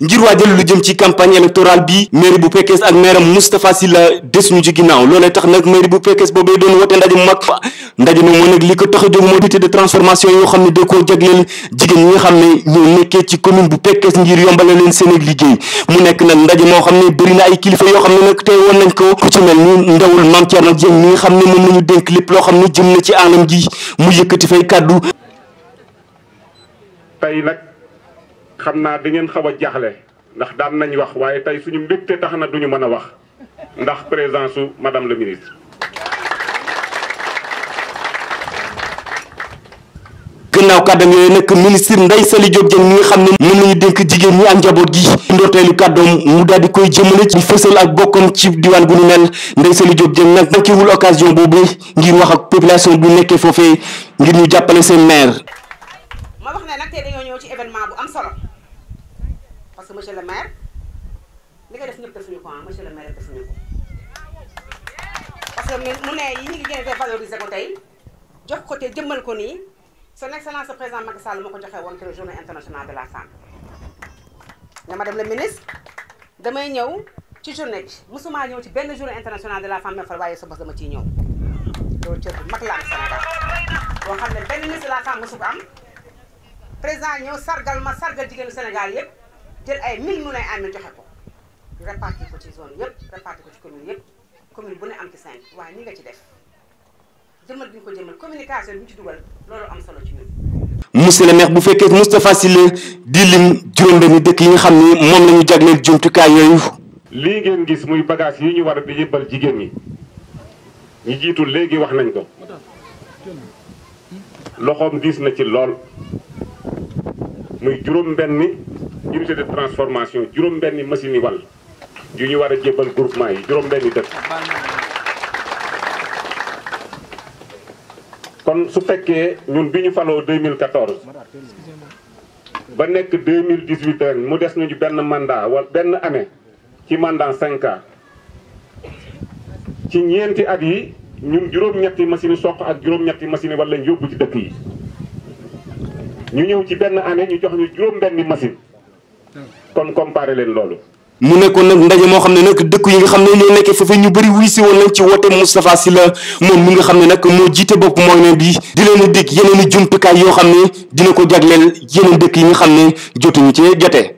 ngir waajal lu jëm ci campagne électorale bi mairie bu Pekes ak maire Moustapha la des ñu ci ginnaaw loolee tax nag mairie bu Pekes boobee doon wote ndaje mu mag fa ndaje nag moo nag li ko tax a jóg moo unité de transformation yoo xam ne da ko jagleel jigéen ñi xam ne ñoo nekkee ci commune bu Pekes ngir yombale leen seen ak liggéey mu nekk nag ndaje moo xam ne bëri na ay kilifa yoo xam ne nag tey woon nañ ko ku ci mel ni ndawul Mame Thierno Dieng nga xam ne moom la ñu dénk xam ne jëm na ci anam gi mu yëkkati fay kàddu tey nag xam naa da ngeen xaw a jaaxle ndax daan nañ wax waaye tey suñu mbégte tax na duñu mën a wax ndax présence u madame la ministre gannaaw kàddam yooyu nag ministre Ndeye Saly Diop Dieng nga xam ne mën nañu ñu jigéen ñi ak njaboot gi ndorteelu kàddoom mu daal di koy jëmale ci fësal ak bokkam ci diwaan gu ñu mel Ndeye Saly Diop Dieng nag manqué wul boobu ngir wax ak population bu nekkee foofee ngir ñu jàppale seen maire wax ne nag tey dañoo ñëw ci événement bu am solo parce que monsieur le maire li nga def ñëpp defuñu ko ah monsieur le maire defuñu ko parce que mu ne yi ñu ngi gën a valoriser ko tey jox ko te jëmmal ko nii son excellence président Macky Sall moo ko joxee woon keroog journée internationale de la femme ne madame la ministre damay ñëw ci journée bi ñëw ci benn journée internationale de la femme fa waaye sa bos dama ciy ñëw loolu cër la am Sénégal boo xam ne benn président ñëw sargal ma sargal jigéenu Sénégal yëpp jël ay mille mu lay amee joxe ko réparti ko ci zone yëpp réparti ko ci commune yëpp commune bu ne am ci cinq waaye ni nga ci def jëmmal bi ñu ko jëmmal communication bi ñu ci dugal loolu am solo ci ñun. monsieur le maire bu fekkee Moustapha Sylla di lim juróom-benni dëkk yi nga xam ni moom la ñu jagleel jumtukaay yooyu. lii ngeen gis muy bagage yi ñu war a di yëbbal jigéen ñi ñu jiitu léegi wax nañ ko loxoom diis na ci lool. muy juróom-benni transformation juróom-benni machine yi wàll yu ñu war a jébbal groupement yi juróom-benni dëkk. kon su fekkee ñun bi ñu faloo 2014 ba nekk 2018 ren mu des nañu benn mandat wala benn année ci mandat 5 ci ñeenti at yi ñun juróom-ñetti machine soq ak juróom-ñetti machine wala yóbbu ci dëkk yi. ñu ñëw ci benn année ñu jox ñu juróom-benni machine kon compare leen loolu. mu nekkoon nag ndaje moo xam ne nag dëkk yi nga xam ne ñoo nekkee foofu ñu bëri wuy si woon nañ ci woote Moustapha Sylla moom mi nga xam ne nag moo jiite bopp mooy ne bi di leen dégg yeneen i jumtukaay yoo xam ne dina ko jagleel yeneen dëkk yi nga xam ne jotuñu ci jotee.